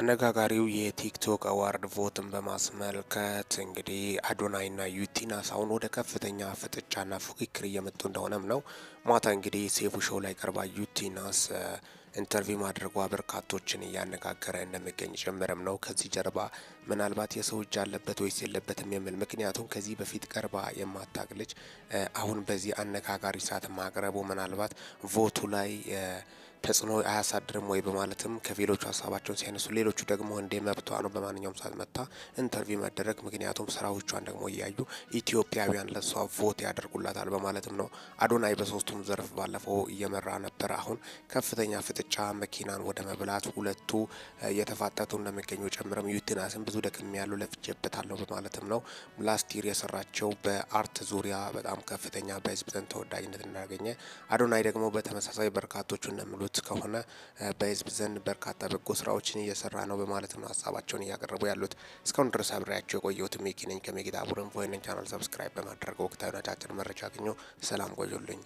አነጋጋሪው የቲክቶክ አዋርድ ቮትን በማስመልከት እንግዲህ አዶናይና ዩቲናስ አሁን ወደ ከፍተኛ ፍጥጫና ፉክክር እየመጡ እንደሆነም ነው። ማታ እንግዲህ ሴፉ ሾው ላይ ቀርባ ዩቲናስ ኢንተርቪው ማድረጓ በርካቶችን እያነጋገረ እንደሚገኝ ጭምርም ነው። ከዚህ ጀርባ ምናልባት የሰው እጅ አለበት ወይስ የለበትም የሚል ምክንያቱም ከዚህ በፊት ቀርባ የማታቅ ልጅ አሁን በዚህ አነጋጋሪ ሰዓት ማቅረቡ ምናልባት ቮቱ ላይ ተጽዕኖ አያሳድርም ወይ በማለትም ከፊሎቹ ሀሳባቸውን ሲያነሱ፣ ሌሎቹ ደግሞ እንደ መብቷ ነው በማንኛውም ሰዓት መታ ኢንተርቪው መደረግ ምክንያቱም ስራዎቿን ደግሞ እያዩ ኢትዮጵያውያን ለሷ ቮት ያደርጉላታል በማለትም ነው። አዶናይ በሶስቱም ዘርፍ ባለፈው እየመራ ነበረ። አሁን ከፍተኛ ፍጥጫ መኪናን ወደ መብላት ሁለቱ እየተፋጠጡ እንደሚገኙ ጨምረም ዩትናስን ብዙ ደክም ያሉ ለፍጄበታለሁ በማለትም ነው። ላስቲር የሰራቸው በአርት ዙሪያ በጣም ከፍተኛ በህዝብ ዘንድ ተወዳጅነት እንዳገኘ አዶናይ ደግሞ በተመሳሳይ በርካቶቹ እንደምሉት እንደሰማሁት ከሆነ በህዝብ ዘንድ በርካታ በጎ ስራዎችን እየሰራ ነው በማለት ነው ሀሳባቸውን እያቀረቡ ያሉት። እስካሁን ድረስ አብሬያቸው የቆየሁት ሜኪነኝ ከሜጌታ ቡርን ይህንን ቻናል ሰብስክራይብ በማድረግ ወቅታዊ ነጫጭር መረጃ አግኙ። ሰላም ቆዩልኝ።